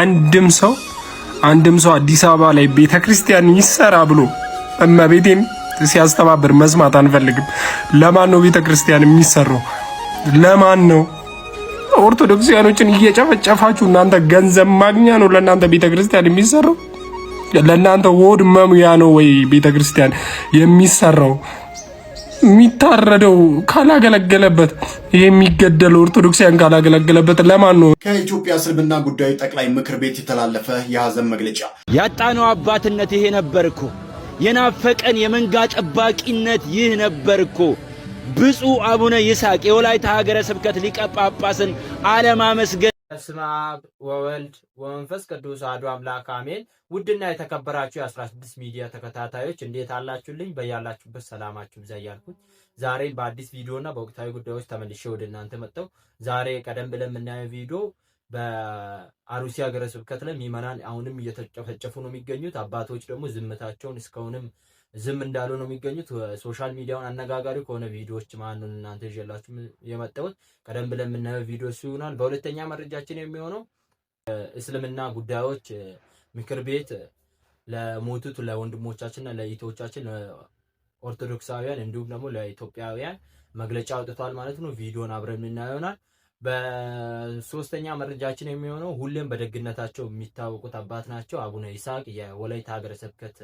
አንድም ሰው አንድም ሰው አዲስ አበባ ላይ ቤተክርስቲያን ይሰራ ብሎ እመቤቴን ሲያስተባብር መስማት አንፈልግም። ለማን ነው ቤተክርስቲያን የሚሰራው? ለማን ነው? ኦርቶዶክሲያኖችን እየጨፈጨፋችሁ እናንተ ገንዘብ ማግኛ ነው ለእናንተ ቤተክርስቲያን የሚሰራው? ለእናንተ ወድ መሙያ ነው ወይ ቤተክርስቲያን የሚሰራው? የሚታረደው ካላገለገለበት የሚገደለው ኦርቶዶክሲያን ካላገለገለበት ለማን ነው? ከኢትዮጵያ እስልምና ጉዳዮች ጠቅላይ ምክር ቤት የተላለፈ የሀዘን መግለጫ ያጣነው አባትነት ይሄ ነበር እኮ የናፈቀን የመንጋ ጠባቂነት ይህ ነበር እኮ ብፁዕ አቡነ ይስሐቅ የወላይታ ሀገረ ስብከት ሊቀ ጳጳስን አለማመስገን በስመ አብ ወወልድ ወመንፈስ ቅዱስ አሐዱ አምላክ አሜን። ውድና የተከበራችሁ የ16 ሚዲያ ተከታታዮች እንዴት አላችሁልኝ? በያላችሁበት ሰላማችሁ ብዛ እያልኩኝ ዛሬም በአዲስ ቪዲዮና በወቅታዊ ጉዳዮች ተመልሼ ወደ እናንተ መጠው ዛሬ ቀደም ብለን የምናየው ቪዲዮ በአሩሲ ሀገረ ስብከት ላይ ምዕመናን አሁንም እየተጨፈጨፉ ነው የሚገኙት። አባቶች ደግሞ ዝምታቸውን እስካሁንም ዝም እንዳሉ ነው የሚገኙት። ሶሻል ሚዲያውን አነጋጋሪ ከሆነ ቪዲዮዎች ማኑን እናንተ ይዤላችሁ የመጣሁት ቀደም ብለን የምናየው ቪዲዮ ይሆናል። በሁለተኛ መረጃችን የሚሆነው እስልምና ጉዳዮች ምክር ቤት ለሞቱት ለወንድሞቻችንና ለኢቶቻችን ኦርቶዶክሳውያን እንዲሁም ደግሞ ለኢትዮጵያውያን መግለጫ አውጥቷል ማለት ነው። ቪዲዮን አብረን የምናየው ይሆናል። በሶስተኛ መረጃችን የሚሆነው ሁሌም በደግነታቸው የሚታወቁት አባት ናቸው። አቡነ ይስሐቅ የወላይታ ሀገረ ስብከት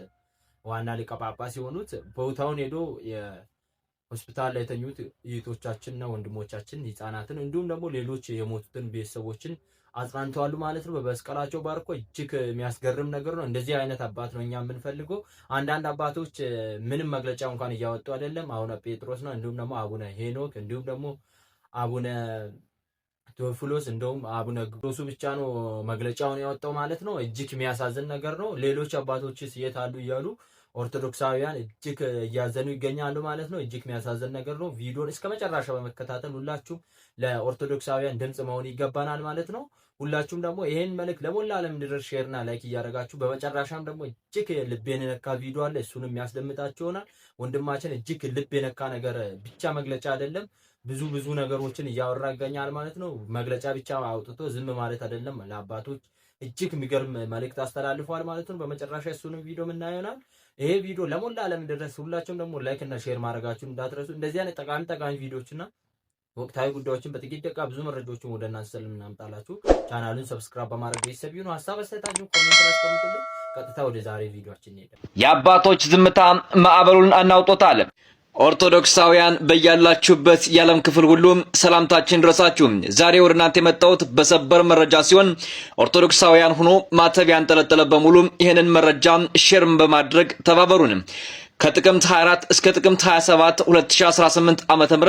ዋና ሊቀ ጳጳስ የሆኑት ቦታውን ሄዶ የሆስፒታል ላይ የተኙት እህቶቻችንና ወንድሞቻችን ህፃናትን፣ እንዲሁም ደግሞ ሌሎች የሞቱትን ቤተሰቦችን አጽናንተዋሉ ማለት ነው። በመስቀላቸው ባርኮ እጅግ የሚያስገርም ነገር ነው። እንደዚህ አይነት አባት ነው እኛ የምንፈልገው። አንዳንድ አባቶች ምንም መግለጫ እንኳን እያወጡ አይደለም። አቡነ ጴጥሮስ ነው እንዲሁም ደግሞ አቡነ ሄኖክ እንዲሁም ደግሞ አቡነ ቴዎፍሎስ እንደውም አቡነ ግሮሱ ብቻ ነው መግለጫውን ያወጣው ማለት ነው። እጅግ የሚያሳዝን ነገር ነው። ሌሎች አባቶችስ የት አሉ እያሉ ኦርቶዶክሳውያን እጅግ እያዘኑ ይገኛሉ ማለት ነው። እጅግ የሚያሳዝን ነገር ነው። ቪዲዮን እስከ መጨረሻ በመከታተል ሁላችሁም ለኦርቶዶክሳውያን ድምፅ መሆን ይገባናል ማለት ነው። ሁላችሁም ደግሞ ይህን መልክ ለሞላ ዓለም እንዲደርስ ሼርና ላይክ እያደረጋችሁ በመጨረሻም ደግሞ እጅግ ልብ የነካ ቪዲዮ አለ። እሱንም የሚያስደምጣችሁ ይሆናል። ወንድማችን እጅግ ልብ የነካ ነገር ብቻ መግለጫ አይደለም ብዙ ብዙ ነገሮችን እያወራ ይገኛል ማለት ነው። መግለጫ ብቻ አውጥቶ ዝም ማለት አይደለም። ለአባቶች እጅግ የሚገርም መልእክት አስተላልፏል ማለት ነው። በመጨረሻ እሱንም ቪዲዮ ምናየናል። ይሄ ቪዲዮ ለሞላ ዓለም እንዲደርስ ሁላችሁም ደግሞ ላይክ እና ሼር ማድረጋችሁን እንዳትረሱ። እንደዚህ አይነት ጠቃሚ ጠቃሚ ቪዲዮዎችና ወቅታዊ ጉዳዮችን በጥቂት ደቂቃ ብዙ መረጃዎችን ወደ እናንተ ስለምናመጣላችሁ ቻናሉን ሰብስክራይብ በማድረግ ቤተሰብ ይሁኑ። ሀሳብ አስተያየታችሁን ኮሜንት ላይ አስቀምጡልኝ። ቀጥታ ወደ ዛሬ ቪዲዮአችን እንሄዳለን። የአባቶች ዝምታ ማዕበሉን አናውጦታለን። ኦርቶዶክሳውያን በያላችሁበት የዓለም ክፍል ሁሉ ሰላምታችን ድረሳችሁ። ዛሬ ወደ እናንተ የመጣሁት በሰበር መረጃ ሲሆን ኦርቶዶክሳውያን ሆኖ ማተብ ያንጠለጠለ በሙሉ ይህንን መረጃ ሼርም በማድረግ ተባበሩን። ከጥቅምት 24 እስከ ጥቅምት 27 2018 ም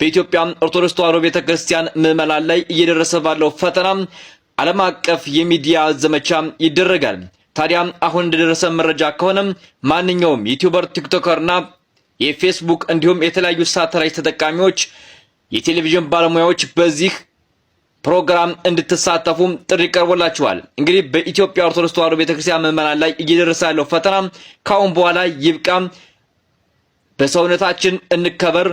በኢትዮጵያ ኦርቶዶክስ ተዋሕዶ ቤተክርስቲያን ምዕመናን ላይ እየደረሰ ባለው ፈተና ዓለም አቀፍ የሚዲያ ዘመቻ ይደረጋል። ታዲያ አሁን እንደደረሰ መረጃ ከሆነ ማንኛውም ዩቲዩበር፣ ቲክቶከርና የፌስቡክ እንዲሁም የተለያዩ ሳተላይት ተጠቃሚዎች፣ የቴሌቪዥን ባለሙያዎች በዚህ ፕሮግራም እንድትሳተፉም ጥሪ ቀርቦላችኋል። እንግዲህ በኢትዮጵያ ኦርቶዶክስ ተዋሕዶ ቤተክርስቲያን ምዕመናን ላይ እየደረሰ ያለው ፈተና ካሁን በኋላ ይብቃም። በሰውነታችን እንከበር፣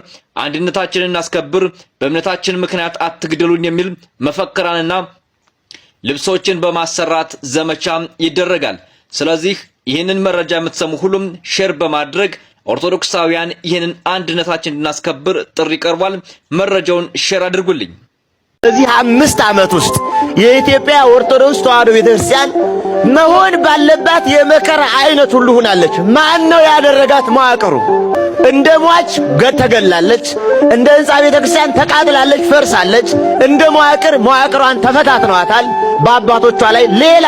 አንድነታችንን እናስከብር፣ በእምነታችን ምክንያት አትግደሉን የሚል መፈክራንና ልብሶችን በማሰራት ዘመቻ ይደረጋል። ስለዚህ ይህንን መረጃ የምትሰሙ ሁሉም ሼር በማድረግ ኦርቶዶክሳውያን ይህንን አንድነታችን እንድናስከብር ጥሪ ቀርቧል። መረጃውን ሼር አድርጉልኝ። በዚህ አምስት ዓመት ውስጥ የኢትዮጵያ ኦርቶዶክስ ተዋሕዶ ቤተክርስቲያን መሆን ባለባት የመከራ አይነት ሁሉ ሆናለች። ማን ነው ያደረጋት? መዋቅሩ እንደ ሟች ተገላለች፣ እንደ ሕንፃ ቤተ ክርስቲያን ተቃጥላለች፣ ፈርሳለች። እንደ መዋቅር መዋቅሯን ተፈታትነዋታል። በአባቶቿ ላይ ሌላ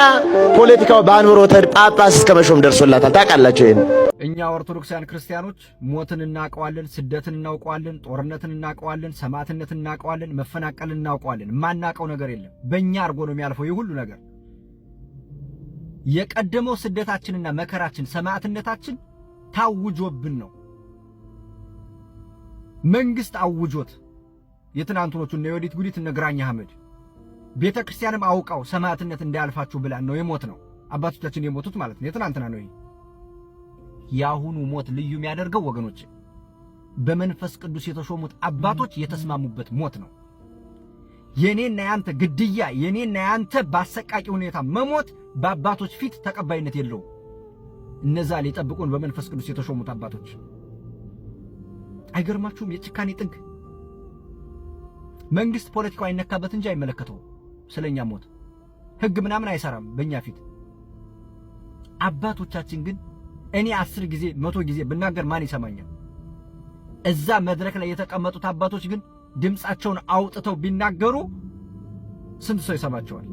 ፖለቲካው በአንብሮተ ጳጳስ እስከ መሾም ደርሶላታል። ታውቃላቸው ይህን እኛ ኦርቶዶክሳውያን ክርስቲያኖች ሞትን እናውቀዋለን፣ ስደትን እናውቀዋለን፣ ጦርነትን እናውቀዋለን፣ ሰማዕትነትን እናውቀዋለን፣ መፈናቀልን እናውቀዋለን። የማናውቀው ነገር የለም። በእኛ አድርጎ ነው የሚያልፈው ይህ ሁሉ ነገር። የቀደመው ስደታችንና መከራችን ሰማዕትነታችን ታውጆብን ነው መንግስት አውጆት የትናንትኖቹ እነ የወዲት ጉዲት እነ ግራኝ አህመድ ቤተ ክርስቲያንም አውቃው ሰማዕትነት እንዳያልፋችሁ ብላን ነው የሞት ነው አባቶቻችን የሞቱት ማለት ነው። የትናንትና ነው ይሄ። የአሁኑ ሞት ልዩ የሚያደርገው ወገኖች በመንፈስ ቅዱስ የተሾሙት አባቶች የተስማሙበት ሞት ነው። የኔና ያንተ ግድያ፣ የኔና ያንተ በአሰቃቂ ሁኔታ መሞት በአባቶች ፊት ተቀባይነት የለውም። እነዛ ሊጠብቁን በመንፈስ ቅዱስ የተሾሙት አባቶች አይገርማችሁም? የጭካኔ ጥግ። መንግስት ፖለቲካው አይነካበት እንጂ አይመለከተው ስለኛ ሞት ህግ ምናምን አይሰራም በእኛ ፊት። አባቶቻችን ግን እኔ አስር ጊዜ መቶ ጊዜ ብናገር ማን ይሰማኛል? እዛ መድረክ ላይ የተቀመጡት አባቶች ግን ድምፃቸውን አውጥተው ቢናገሩ ስንት ሰው ይሰማቸዋል?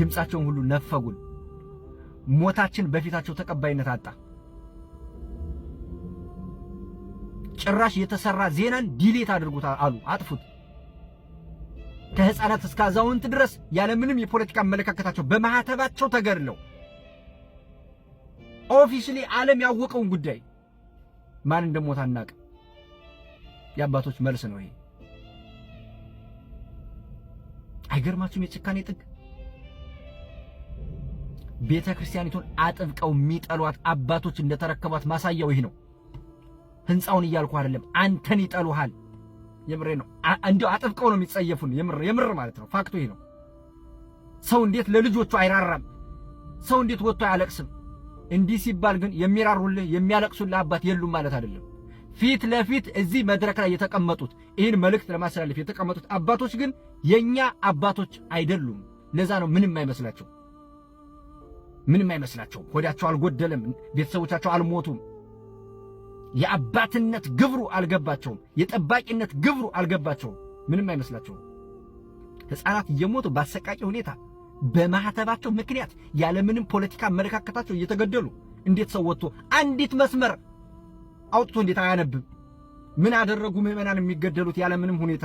ድምፃቸውን ሁሉ ነፈጉን። ሞታችን በፊታቸው ተቀባይነት አጣ። ጭራሽ የተሰራ ዜናን ዲሌት አድርጉት አሉ፣ አጥፉት። ከህፃናት እስከ አዛውንት ድረስ ያለምንም የፖለቲካ አመለካከታቸው በማህተባቸው ተገድለው ኦፊሽሊ ዓለም ያወቀውን ጉዳይ ማን እንደሞት አናቅ። የአባቶች መልስ ነው ይሄ። አይገርማችሁም? የጭካኔ ጥግ። ቤተ ክርስቲያኒቱን አጥብቀው የሚጠሏት አባቶች እንደተረከቧት ማሳያው ይህ ነው። ህንፃውን እያልኩ አይደለም፣ አንተን ይጠሉሃል። የምሬ ነው። እንዲያው አጥብቀው ነው የሚጸየፉን። የምር ማለት ነው። ፋክቱ ይሄ ነው። ሰው እንዴት ለልጆቹ አይራራም? ሰው እንዴት ወጥቶ አያለቅስም? እንዲህ ሲባል ግን የሚራሩልህ የሚያለቅሱልህ አባት የሉም ማለት አይደለም። ፊት ለፊት እዚህ መድረክ ላይ የተቀመጡት ይህን መልእክት ለማስተላለፍ የተቀመጡት አባቶች ግን የኛ አባቶች አይደሉም። ለዛ ነው ምንም አይመስላቸው፣ ምንም አይመስላቸው። ሆዳቸው አልጎደለም፣ ቤተሰቦቻቸው አልሞቱም። የአባትነት ግብሩ አልገባቸውም። የጠባቂነት ግብሩ አልገባቸውም። ምንም አይመስላቸውም። ሕፃናት እየሞቱ ባሰቃቂ ሁኔታ በማህተባቸው ምክንያት ያለምንም ፖለቲካ አመለካከታቸው እየተገደሉ እንዴት ሰው ወጥቶ አንዲት መስመር አውጥቶ እንዴት አያነብም? ምን አደረጉ ምዕመናን የሚገደሉት ያለምንም ሁኔታ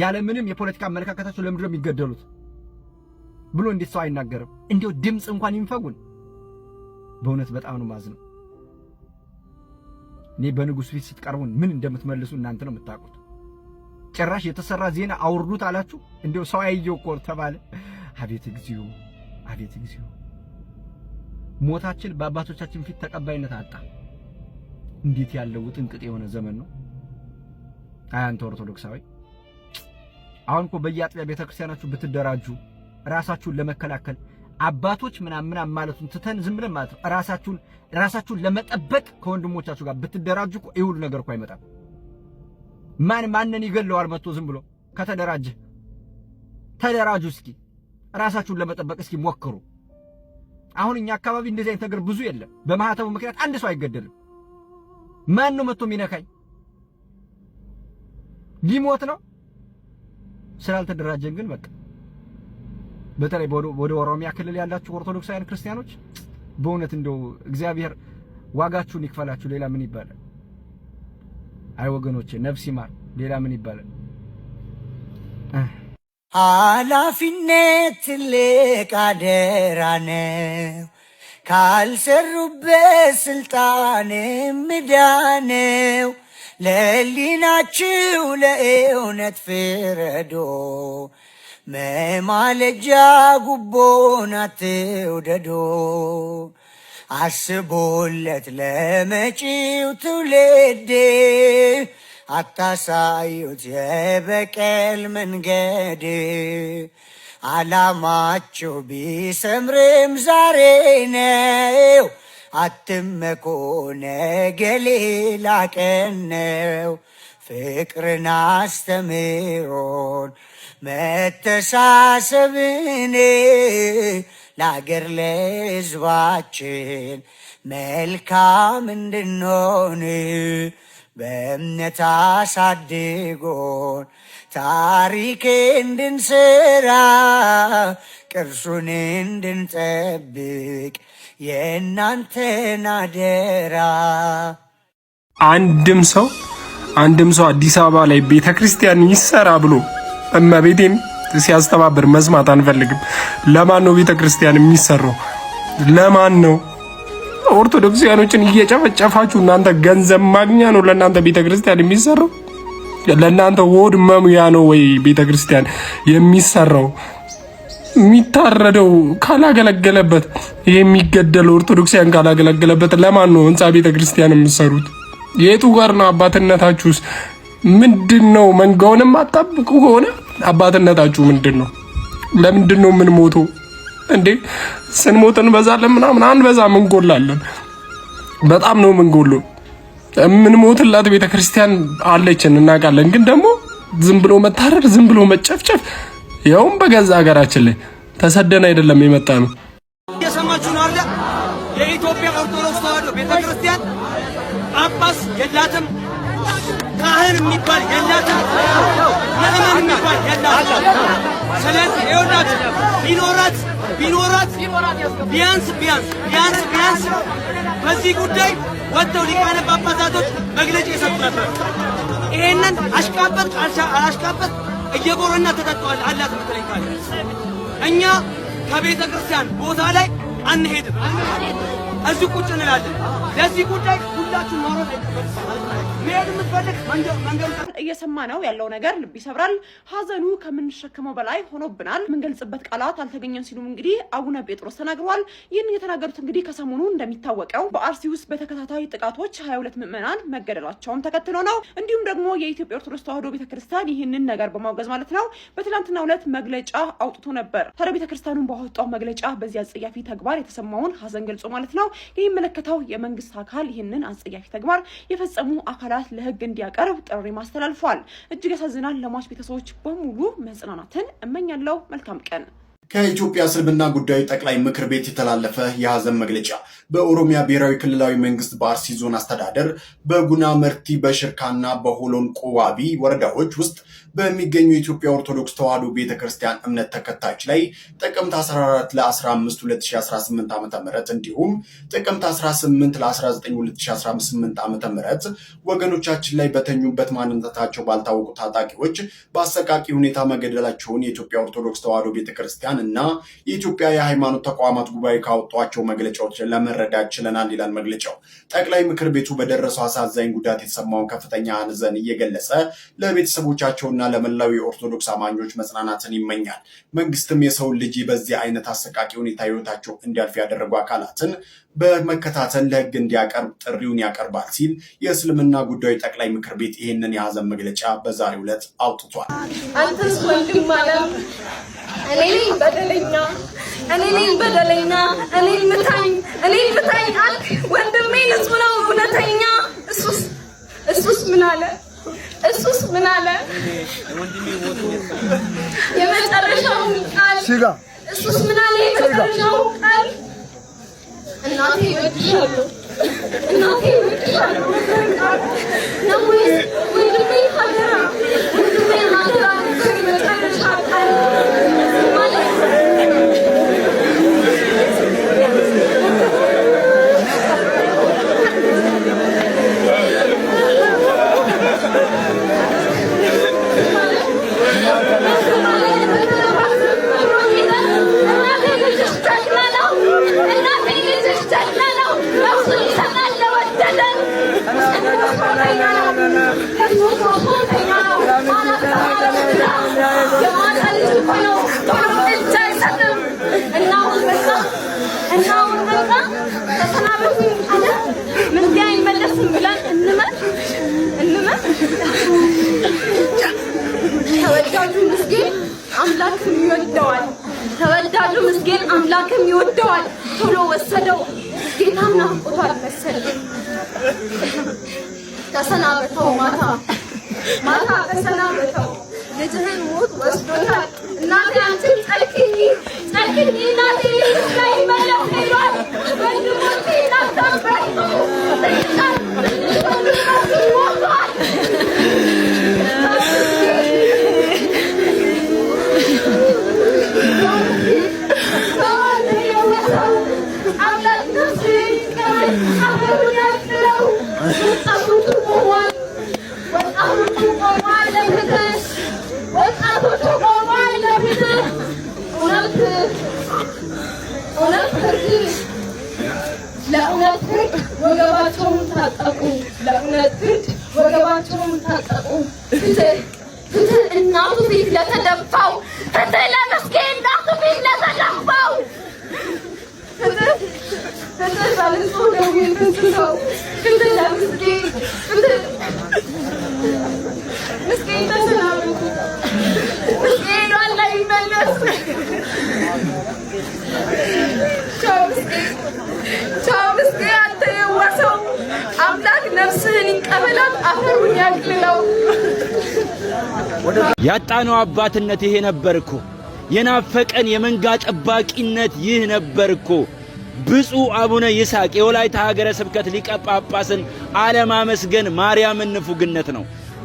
ያለምንም የፖለቲካ አመለካከታቸው ለምንድን የሚገደሉት ብሎ እንዴት ሰው አይናገርም? እንዲሁ ድምፅ እንኳን ይንፈጉን። በእውነት በጣም ነው ማዝነው። እኔ በንጉሥ ፊት ስትቀርቡን ምን እንደምትመልሱ እናንተ ነው የምታውቁት። ጭራሽ የተሰራ ዜና አውርዱት አላችሁ። እንዲሁ ሰው አየው እኮ ተባለ። አቤት እግዚኦ፣ አቤት እግዚኦ። ሞታችን በአባቶቻችን ፊት ተቀባይነት አጣ። እንዴት ያለው ውጥንቅጥ የሆነ ዘመን ነው! አይ አንተ ኦርቶዶክሳዊ፣ አሁን እኮ በየአጥቢያ ቤተክርስቲያናችሁ ብትደራጁ ራሳችሁን ለመከላከል አባቶች ምናምን ምናምን ማለቱን ትተን ዝም ብለን ማለት ነው። ራሳችሁን ራሳችሁን ለመጠበቅ ከወንድሞቻችሁ ጋር ብትደራጁ እኮ ይሁሉ ነገር እኮ አይመጣም። ማን ማንን ይገለዋል መጥቶ ዝም ብሎ ከተደራጀ። ተደራጁ እስኪ። ራሳችሁን ለመጠበቅ እስኪ ሞክሩ። አሁን እኛ አካባቢ እንደዚህ አይነት ነገር ብዙ የለም። በማህተቡ ምክንያት አንድ ሰው አይገደልም። ማን ነው መጥቶ የሚነካኝ? ሊሞት ነው። ስላልተደራጀን ግን በቃ በተለይ ወደ ኦሮሚያ ክልል ያላችሁ ኦርቶዶክሳውያን ክርስቲያኖች በእውነት እንደው እግዚአብሔር ዋጋችሁን ይክፈላችሁ። ሌላ ምን ይባላል? አይ ወገኖቼ ነፍስ ይማር። ሌላ ምን ይባላል? ኃላፊነት ትልቅ አደራ ነው። ካልሰሩበት ስልጣን ምዳነው። ለሊናችሁ ለእውነት ፍረዶ። መማለጃ ጉቦና ትውደዶ አስቦለት ለመጪው ትውልዴ አታሳዩት የበቀል መንገድ አላማችሁ ቢሰምርም ዛሬ ነው። አትመኩ ነገ ሌላ ቀን ነው። ፍቅርን አስተምሮን መተሳሰብን ለአገር ለሕዝባችን መልካም እንድንሆን በእምነት አሳድጎን ታሪክ እንድንሰራ ቅርሱን እንድንጠብቅ የእናንተን አደራ። አንድም ሰው አንድም ሰው አዲስ አበባ ላይ ቤተ ክርስቲያን ይሰራ ብሎ እመቤቴን ሲያስተባብር መስማት አንፈልግም። ለማን ነው ቤተ ክርስቲያን የሚሰራው? ለማን ነው ኦርቶዶክሲያኖችን እየጨፈጨፋችሁ እናንተ ገንዘብ ማግኛ ነው ለእናንተ ቤተክርስቲያን የሚሰራው? ለእናንተ ወድ መሙያ ነው ወይ ቤተክርስቲያን የሚሰራው? የሚታረደው ካላገለገለበት የሚገደለው ኦርቶዶክሲያን ካላገለገለበት ለማን ነው ህንፃ ቤተክርስቲያን የምትሰሩት? የቱ ጋር ነው አባትነታችሁስ? ምንድን ነው? መንጋውንም አጣብቁ ከሆነ አባትነታችሁ ምንድን ነው? ለምንድን ነው ሞቶ እንዴ ስንሞት እንበዛለን ምናምን አንድ አንበዛም፣ እንጎላለን። በጣም ነው ምንጎሉ። የምንሞትላት ቤተ ክርስቲያን አለችን እናውቃለን። ግን ደግሞ ዝም ብሎ መታረድ፣ ዝም ብሎ መጨፍጨፍ፣ ያውም በገዛ ሀገራችን ላይ ተሰደን አይደለም የመጣ ነው። እየሰማችሁ ነው አለ የኢትዮጵያ ኦርቶዶክስ ተዋሕዶ ቤተ ክርስቲያን ጳጳስ የላትም፣ ካህን የሚባል የላትም፣ ምዕመን የሚባል የላትም። ስለዚህ ይኸውላችሁ ሊኖራት ቢኖራት ቢያንስ ቢያንስ ቢያንስ ቢያንስ በዚህ ጉዳይ ወጥተው ሊቃነ ጳጳሳቶች መግለጫ የሰጡ ነበር። ይሄንን አሽቃበት አላሽቃበት እየጎረና ተጠጥቷል አላት ምትለኝ ካለ እኛ ከቤተ ክርስቲያን ቦታ ላይ አንሄድም፣ እዚህ ቁጭ እንላለን። ለዚህ ጉዳይ ሁላችሁ ማውራት አይጠበቅም። መሄድ የምትፈልግ መንገድ እየሰማ ነው ያለው ነገር ልብ ይሰብራል። ሀዘኑ ከምንሸከመው በላይ ሆኖብናል። የምንገልጽበት ቃላት አልተገኘም ሲሉም እንግዲህ አቡነ ጴጥሮስ ተናግረዋል። ይህን የተናገሩት እንግዲህ ከሰሞኑ እንደሚታወቀው በአርሲ ውስጥ በተከታታይ ጥቃቶች ሀያ ሁለት ምዕመናን መገደላቸውን ተከትሎ ነው። እንዲሁም ደግሞ የኢትዮጵያ ኦርቶዶክስ ተዋህዶ ቤተክርስቲያን ይህንን ነገር በማውገዝ ማለት ነው በትናንትና ሁለት መግለጫ አውጥቶ ነበር። ታዲያ ቤተክርስቲያኑን ባወጣው መግለጫ በዚህ አጸያፊ ተግባር የተሰማውን ሀዘን ገልጾ ማለት ነው የሚመለከተው የመንግስት አካል ይህንን አጸያፊ ተግባር የፈጸሙ አካላት ለህግ እንዲያቀርብ ጥሪ ማስተላለፍ አልፏል። እጅግ ያሳዝናል። ለሟች ቤተሰቦች በሙሉ መጽናናትን እመኛለሁ። መልካም ቀን። ከኢትዮጵያ እስልምና ጉዳዩ ጠቅላይ ምክር ቤት የተላለፈ የሀዘን መግለጫ በኦሮሚያ ብሔራዊ ክልላዊ መንግስት በአርሲ ዞን አስተዳደር በጉና መርቲ፣ በሽርካና በሆሎን ቆዋቢ ወረዳዎች ውስጥ በሚገኙ የኢትዮጵያ ኦርቶዶክስ ተዋሕዶ ቤተክርስቲያን እምነት ተከታዮች ላይ ጥቅምት 14 ለ15 2018 ዓ ም እንዲሁም ጥቅምት 18 ለ19 2018 ዓ ም ወገኖቻችን ላይ በተኙበት ማንነታቸው ባልታወቁ ታጣቂዎች በአሰቃቂ ሁኔታ መገደላቸውን የኢትዮጵያ ኦርቶዶክስ ተዋሕዶ ቤተክርስቲያን እና የኢትዮጵያ የሃይማኖት ተቋማት ጉባኤ ካወጧቸው መግለጫዎች ለመረዳት ችለናል ይላል መግለጫው። ጠቅላይ ምክር ቤቱ በደረሰው አሳዛኝ ጉዳት የተሰማውን ከፍተኛ አንዘን እየገለጸ ለቤተሰቦቻቸውና ለመላው የኦርቶዶክስ አማኞች መጽናናትን ይመኛል። መንግስትም የሰው ልጅ በዚህ አይነት አሰቃቂ ሁኔታ ህይወታቸው እንዲያልፍ ያደረጉ አካላትን በመከታተል ለህግ እንዲያቀርብ ጥሪውን ያቀርባል ሲል የእስልምና ጉዳዮች ጠቅላይ ምክር ቤት ይህንን የሀዘን መግለጫ በዛሬው ዕለት አውጥቷል። አንተስ ወንድም አለም እኔ በደለኛ፣ እኔ ነኝ በደለኛ፣ እኔ ምታኝ፣ እኔ ምታኝ አልክ። ወንድሜ ንጹህ ነው እውነተኛ። እሱስ እሱስ ምን አለ? እሱስ ምን አለ? የመጨረሻው ቃል እሱስ ምን አለ? የመጨረሻው ቃል እናቴ እወድሻለሁ፣ እናቴ እወድሻለሁ ነው ወይስ ወንድሜ ሀገራ ግን አምላክም ይወደዋል። ቶሎ ወሰደው። ጌታም ናፍቆታል መሰለኝ። ተሰናበተው ማታ ማታ ተሰናበተው። ልጅህን ሞት ወስዶታል። እናቴ አንቺን ጸልክኝ ጸልክኝ እናቴ ላይ መለስ ሄዷል። ወንድሞቼ እናታባይቶ ትልቃል ትልቃል እውነት ፍርድ ለእውነት ፍርድ ወገባቸውን ታጠቁ። ለእውነት ፍርድ ወገባቸውን ታጠቁ። ፍትህ እናቱ ፊት ለተደፋው ፍትህ ለምስኪን እናቱ ፊት ለተደፋው ፍትህ ፍትህ ደዌ ፍንስተው ፍትህ ለምስኪን ፍትህ ምስኪን ተሰናብቱ ያጣነው አባትነት ይሄ ነበርኮ። የናፈቀን የመንጋ ጠባቂነት ይህ ነበርኮ። ብፁዕ አቡነ ይስሐቅ የወላይታ ሀገረ ስብከት ሊቀ ጳጳስን አለማመስገን ማርያምን ንፉግነት ነው።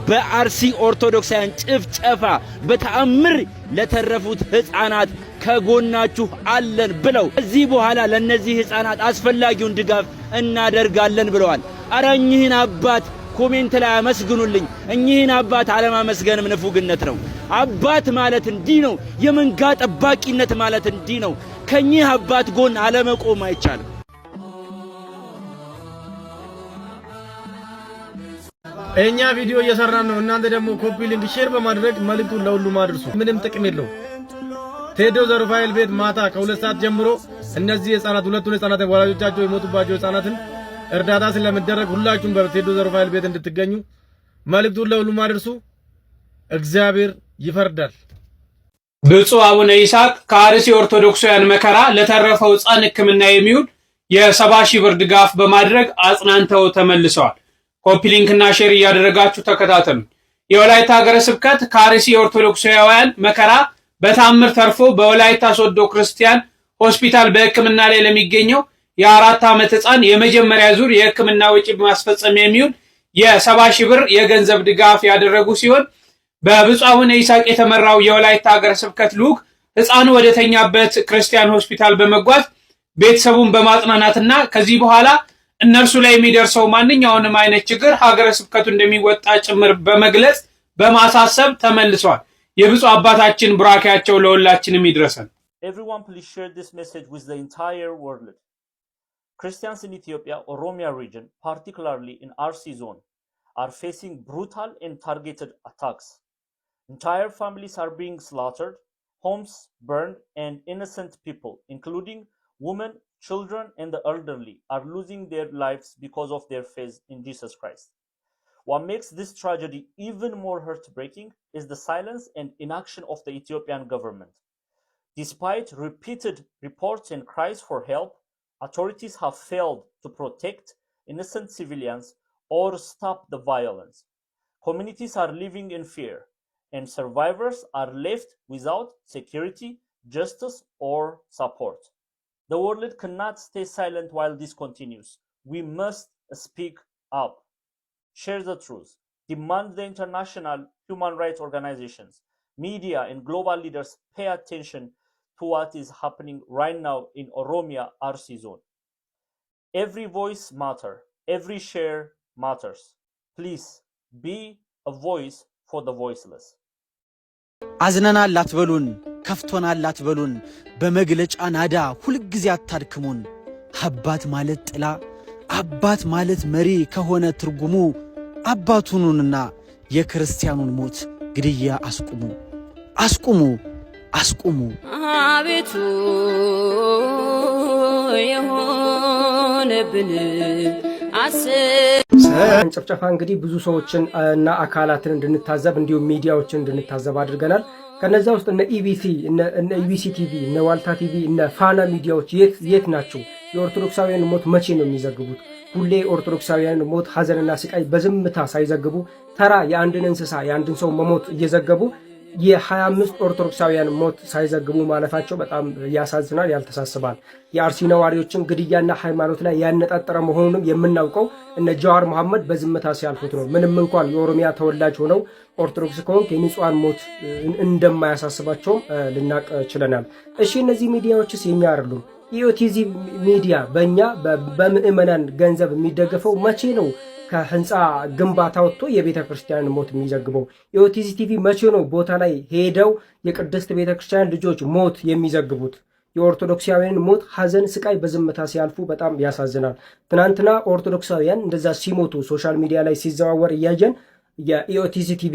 በአርሲ ኦርቶዶክሳውያን ጭፍጨፋ በተአምር ለተረፉት ሕፃናት ከጎናችሁ አለን ብለው ከዚህ በኋላ ለእነዚህ ሕፃናት አስፈላጊውን ድጋፍ እናደርጋለን ብለዋል። አረ እኚህን አባት ኮሜንት ላይ አመስግኑልኝ። እኚህን አባት አለማመስገንም ንፉግነት ነው። አባት ማለት እንዲህ ነው። የመንጋ ጠባቂነት ማለት እንዲህ ነው። ከኚህ አባት ጎን አለመቆም አይቻልም። እኛ ቪዲዮ እየሰራን ነው። እናንተ ደግሞ ኮፒ ሊንክ፣ ሼር በማድረግ መልእክቱን ለሁሉም አድርሱ። ምንም ጥቅም የለው። ቴዶ ዘሩፋኤል ቤት ማታ ከሁለት ሰዓት ጀምሮ እነዚህ ህጻናት ሁለቱን ህጻናትን ወላጆቻቸው የሞቱባቸው ህጻናትን እርዳታ ስለመደረግ ሁላችሁም በቴዶ ዘሩፋኤል ቤት እንድትገኙ መልእክቱን ለሁሉም አድርሱ። እግዚአብሔር ይፈርዳል። ብፁዕ አቡነ ይስሐቅ ከአርሲ ኦርቶዶክሳውያን መከራ ለተረፈው ህፃን ህክምና የሚውል የሰባ ሺህ ብር ድጋፍ በማድረግ አጽናንተው ተመልሰዋል። ሊንክ እና ሼር እያደረጋችሁ ተከታተሉ። የወላይታ ሀገረ ስብከት ከአርሲ ኦርቶዶክሳውያን መከራ በታምር ተርፎ በወላይታ ሶዶ ክርስቲያን ሆስፒታል በሕክምና ላይ ለሚገኘው የአራት ዓመት ህፃን የመጀመሪያ ዙር የሕክምና ወጪ በማስፈጸም የሚውል የሰባ ሺህ ብር የገንዘብ ድጋፍ ያደረጉ ሲሆን በብፁዕ አቡነ ይስሐቅ የተመራው የወላይታ ሀገረ ስብከት ልዑክ ህፃኑ ወደተኛበት ክርስቲያን ሆስፒታል በመጓዝ ቤተሰቡን በማጽናናትና ከዚህ በኋላ እነርሱ ላይ የሚደርሰው ማንኛውንም አይነት ችግር ሀገረ ስብከቱ እንደሚወጣ ጭምር በመግለጽ በማሳሰብ ተመልሷል። የብፁ አባታችን ብራኪያቸው ለሁላችንም ይድረሰን። ኤቭሪዋን ፕሊዝ ሼር ዲስ ሜሴጅ ዊዝ ኢንታየር ወርልድ ክርስቲያንስ ኢን ኢትዮጵያ ኦሮሚያ ሪጅን ፓርቲኩላርሊ ን አርሲ ዞን አር ፌሲንግ ብሩታል ን ታርጌትድ አታክስ ኢንታየር ፋሚሊስ አር ቢንግ ስላተርድ ሆምስ በርንድ ኤንድ ኢነሰንት ፒፕል ኢንክሉዲንግ ውመን Children and the elderly are losing their lives because of their faith in Jesus Christ. What makes this tragedy even more heartbreaking is the silence and inaction of the Ethiopian government. Despite repeated reports and cries for help, authorities have failed to protect innocent civilians or stop the violence. Communities are living in fear, and survivors are left without security, justice, or support. The world cannot stay silent while this continues. We must speak up, share the truth, demand the international human rights organizations, media, and global leaders pay attention to what is happening right now in Oromia RC zone. Every voice matters, every share matters. Please be a voice for the voiceless. ከፍቶናል አትበሉን፣ በመግለጫ ናዳ ሁልጊዜ አታድክሙን። አባት ማለት ጥላ፣ አባት ማለት መሪ ከሆነ ትርጉሙ አባቱኑንና የክርስቲያኑን ሞት ግድያ አስቁሙ፣ አስቁሙ፣ አስቁሙ። አቤቱ የሆነብን ጭፍጨፋ እንግዲህ ብዙ ሰዎችን እና አካላትን እንድንታዘብ እንዲሁም ሚዲያዎችን እንድንታዘብ አድርገናል። ከነዛ ውስጥ እነ ኢቢሲ e እነ ኢቢሲ ቲቪ e እነ ዋልታ ቲቪ እነ ፋና ሚዲያዎች የት የት ናቸው? የኦርቶዶክሳውያን ሞት መቼ ነው የሚዘግቡት? ሁሌ ኦርቶዶክሳውያን ሞት፣ ሀዘንና ስቃይ በዝምታ ሳይዘግቡ ተራ የአንድን እንስሳ የአንድን ሰው መሞት እየዘገቡ የ25 ኦርቶዶክሳውያን ሞት ሳይዘግቡ ማለፋቸው በጣም ያሳዝናል፣ ያልተሳስባል። የአርሲ ነዋሪዎችን ግድያና ሃይማኖት ላይ ያነጣጠረ መሆኑንም የምናውቀው እነ ጀዋር መሐመድ በዝምታ ሲያልፉት ነው። ምንም እንኳን የኦሮሚያ ተወላጅ ሆነው ኦርቶዶክስ ከሆንክ የንጹሐን ሞት እንደማያሳስባቸውም ልናቅ ችለናል። እሺ እነዚህ ሚዲያዎችስ የኛ አይደሉም? ኢኦቲዚ ሚዲያ በእኛ በምዕመናን ገንዘብ የሚደገፈው መቼ ነው? ከህንፃ ግንባታ ወጥቶ የቤተ ክርስቲያን ሞት የሚዘግበው ኢኦቲዚ ቲቪ መቼ ነው ቦታ ላይ ሄደው የቅድስት ቤተ ክርስቲያን ልጆች ሞት የሚዘግቡት? የኦርቶዶክሳውያን ሞት፣ ሀዘን ስቃይ በዝምታ ሲያልፉ በጣም ያሳዝናል። ትናንትና ኦርቶዶክሳውያን እንደዛ ሲሞቱ ሶሻል ሚዲያ ላይ ሲዘዋወር እያየን የኢኦቲሲ ቲቪ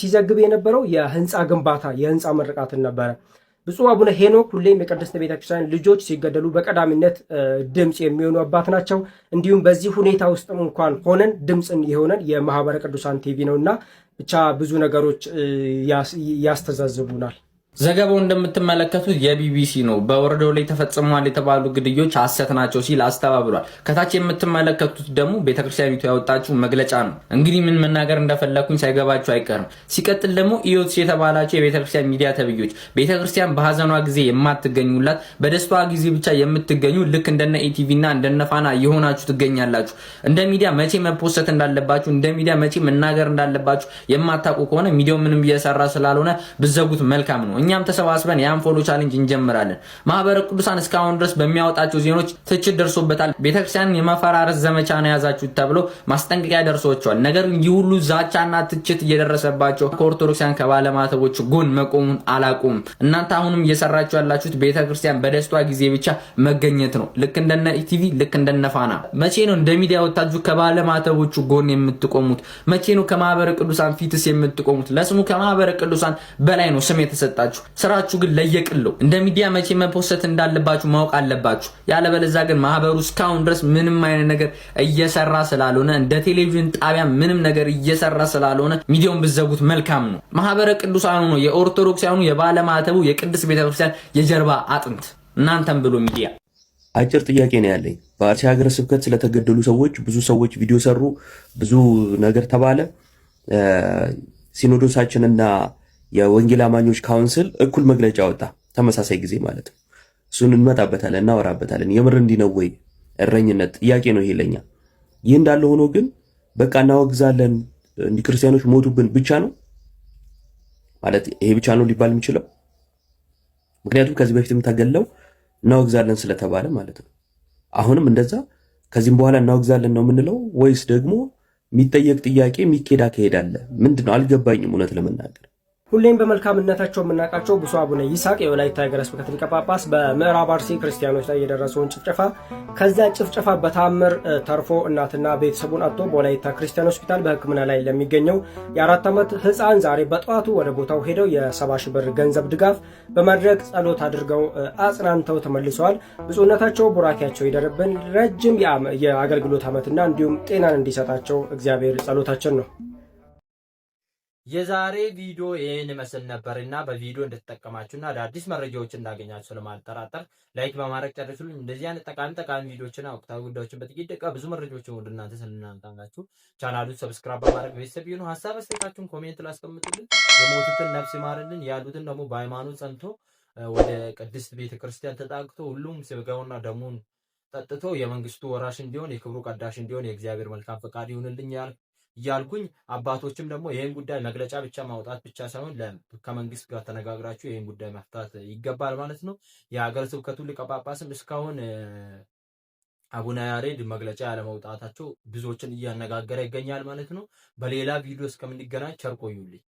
ሲዘግብ የነበረው የህንፃ ግንባታ የህንፃ ምርቃትን ነበረ። ብፁዕ አቡነ ሄኖክ ሁሌም የቅድስት ቤተክርስቲያን ልጆች ሲገደሉ በቀዳሚነት ድምፅ የሚሆኑ አባት ናቸው። እንዲሁም በዚህ ሁኔታ ውስጥም እንኳን ሆነን ድምፅን የሆነን የማህበረ ቅዱሳን ቲቪ ነው እና ብቻ ብዙ ነገሮች ያስተዛዝቡናል። ዘገባው እንደምትመለከቱት የቢቢሲ ነው። በወረዳው ላይ ተፈጽመዋል የተባሉ ግድዮች ሐሰት ናቸው ሲል አስተባብሏል። ከታች የምትመለከቱት ደግሞ ቤተክርስቲያኒቱ ያወጣችው መግለጫ ነው። እንግዲህ ምን መናገር እንደፈለግኩኝ ሳይገባችሁ አይቀርም። ሲቀጥል ደግሞ ኢዮትስ የተባላቸው የቤተክርስቲያን ሚዲያ ተብዮች ቤተክርስቲያን በሀዘኗ ጊዜ የማትገኙላት በደስታዋ ጊዜ ብቻ የምትገኙ ልክ እንደነ ኢቲቪ እና እንደነ ፋና የሆናችሁ ትገኛላችሁ። እንደ ሚዲያ መቼ መፖሰት እንዳለባችሁ፣ እንደ ሚዲያ መቼ መናገር እንዳለባችሁ የማታውቁ ከሆነ ሚዲያው ምንም እየሰራ ስላልሆነ ብዘጉት መልካም ነው። እኛም ተሰባስበን ያን ፎሎ ቻሌንጅ እንጀምራለን። ማህበረ ቅዱሳን እስካሁን ድረስ በሚያወጣቸው ዜኖች ትችት ደርሶበታል። ቤተክርስቲያንን የመፈራረስ ዘመቻ ነው ያዛችሁት ተብሎ ማስጠንቀቂያ ደርሶቸዋል። ነገር ግን ይህ ሁሉ ዛቻና ትችት እየደረሰባቸው ከኦርቶዶክሲያን ከባለማተቦች ጎን መቆሙን አላቁም። እናንተ አሁንም እየሰራችሁ ያላችሁት ቤተክርስቲያን በደስቷ ጊዜ ብቻ መገኘት ነው። ልክ እንደነ ኢቲቪ፣ ልክ እንደነ ፋና። መቼ ነው እንደ ሚዲያ ወታችሁ ከባለማተቦቹ ጎን የምትቆሙት? መቼ ነው ከማህበረ ቅዱሳን ፊትስ የምትቆሙት? ለስሙ ከማህበረ ቅዱሳን በላይ ነው ስም የተሰጣቸው ትችላላችሁ። ስራችሁ ግን ለየቅለው እንደ ሚዲያ መቼ መፖሰት እንዳለባችሁ ማወቅ አለባችሁ። ያለበለዛ ግን ማህበሩ እስካሁን ድረስ ምንም አይነት ነገር እየሰራ ስላልሆነ እንደ ቴሌቪዥን ጣቢያ ምንም ነገር እየሰራ ስላልሆነ ሚዲያውን ብዘጉት መልካም ነው። ማህበረ ቅዱሳኑ ነው የኦርቶዶክሳኑ የባለማተቡ የቅድስት ቤተክርስቲያን የጀርባ አጥንት እናንተም ብሎ ሚዲያ። አጭር ጥያቄ ነው ያለኝ። በአርሲ ሀገረ ስብከት ስለተገደሉ ሰዎች ብዙ ሰዎች ቪዲዮ ሰሩ፣ ብዙ ነገር ተባለ። ሲኖዶሳችንና የወንጌል አማኞች ካውንስል እኩል መግለጫ ወጣ፣ ተመሳሳይ ጊዜ ማለት ነው። እሱን እንመጣበታለን፣ እናወራበታለን። የምር እንዲህ ነው ወይ እረኝነት? ጥያቄ ነው ይሄ ለኛ። ይህ እንዳለ ሆኖ ግን በቃ እናወግዛለን፣ እንዲህ ክርስቲያኖች ሞቱብን ብቻ ነው ማለት ይሄ ብቻ ነው ሊባል የሚችለው ምክንያቱም ከዚህ በፊትም ተገለው እናወግዛለን ስለተባለ ማለት ነው። አሁንም እንደዛ ከዚህም በኋላ እናወግዛለን ነው የምንለው ወይስ ደግሞ የሚጠየቅ ጥያቄ የሚኬድ አካሄድ አለ? ምንድን ነው አልገባኝም፣ እውነት ለመናገር ሁሌም በመልካምነታቸው የምናውቃቸው ብፁዕ አቡነ ይስሐቅ የወላይታ ሀገረ ስብከት ሊቀ ጳጳስ በምዕራብ አርሲ ክርስቲያኖች ላይ የደረሰውን ጭፍጨፋ ከዚያ ጭፍጨፋ በታምር ተርፎ እናትና ቤተሰቡን አጥቶ በወላይታ ክርስቲያን ሆስፒታል በሕክምና ላይ ለሚገኘው የአራት ዓመት ሕፃን ዛሬ በጠዋቱ ወደ ቦታው ሄደው የሰባ ሺህ ብር ገንዘብ ድጋፍ በማድረግ ጸሎት አድርገው አጽናንተው ተመልሰዋል። ብፁዕነታቸው ቡራኪያቸው ይደርብን፣ ረጅም የአገልግሎት ዓመትና እንዲሁም ጤናን እንዲሰጣቸው እግዚአብሔር ጸሎታችን ነው። የዛሬ ቪዲዮ ይህን መስል ነበርና በቪዲዮ እንድትጠቀማችሁና አዳዲስ መረጃዎች እንዳገኛችሁ ስለማልጠራጠር ላይክ በማድረግ ጨርሱልኝ። እንደዚህ አይነት ጠቃሚ ጠቃሚ ቪዲዮዎችን ወቅታዊ ጉዳዮችን በጥቂት ደቂቃ ብዙ መረጃዎችን ወደ እናንተ ስለምናመጣላችሁ ቻናሉ ሰብስክራይብ በማድረግ ቤተሰብ ይሁኑ። ሀሳብ አስተያየታችሁን ኮሜንት ላስቀምጡልን። የሞቱትን ነፍስ ይማርልን፣ ያሉትን ደግሞ በሃይማኖት ጸንቶ ወደ ቅድስት ቤተክርስቲያን ተጣግቶ ሁሉም ስጋውና ደሙን ጠጥቶ የመንግስቱ ወራሽ እንዲሆን የክብሩ ቀዳሽ እንዲሆን የእግዚአብሔር መልካም ፈቃድ ይሁንልኝ ያል እያልኩኝ አባቶችም ደግሞ ይህን ጉዳይ መግለጫ ብቻ ማውጣት ብቻ ሳይሆን ከመንግስት ጋር ተነጋግራችሁ ይህን ጉዳይ መፍታት ይገባል ማለት ነው። የሀገረ ስብከቱ ሊቀ ጳጳስም እስካሁን አቡነ ያሬድ መግለጫ ያለመውጣታቸው ብዙዎችን እያነጋገረ ይገኛል ማለት ነው። በሌላ ቪዲዮ እስከምንገናኝ ቸር ቆዩልኝ።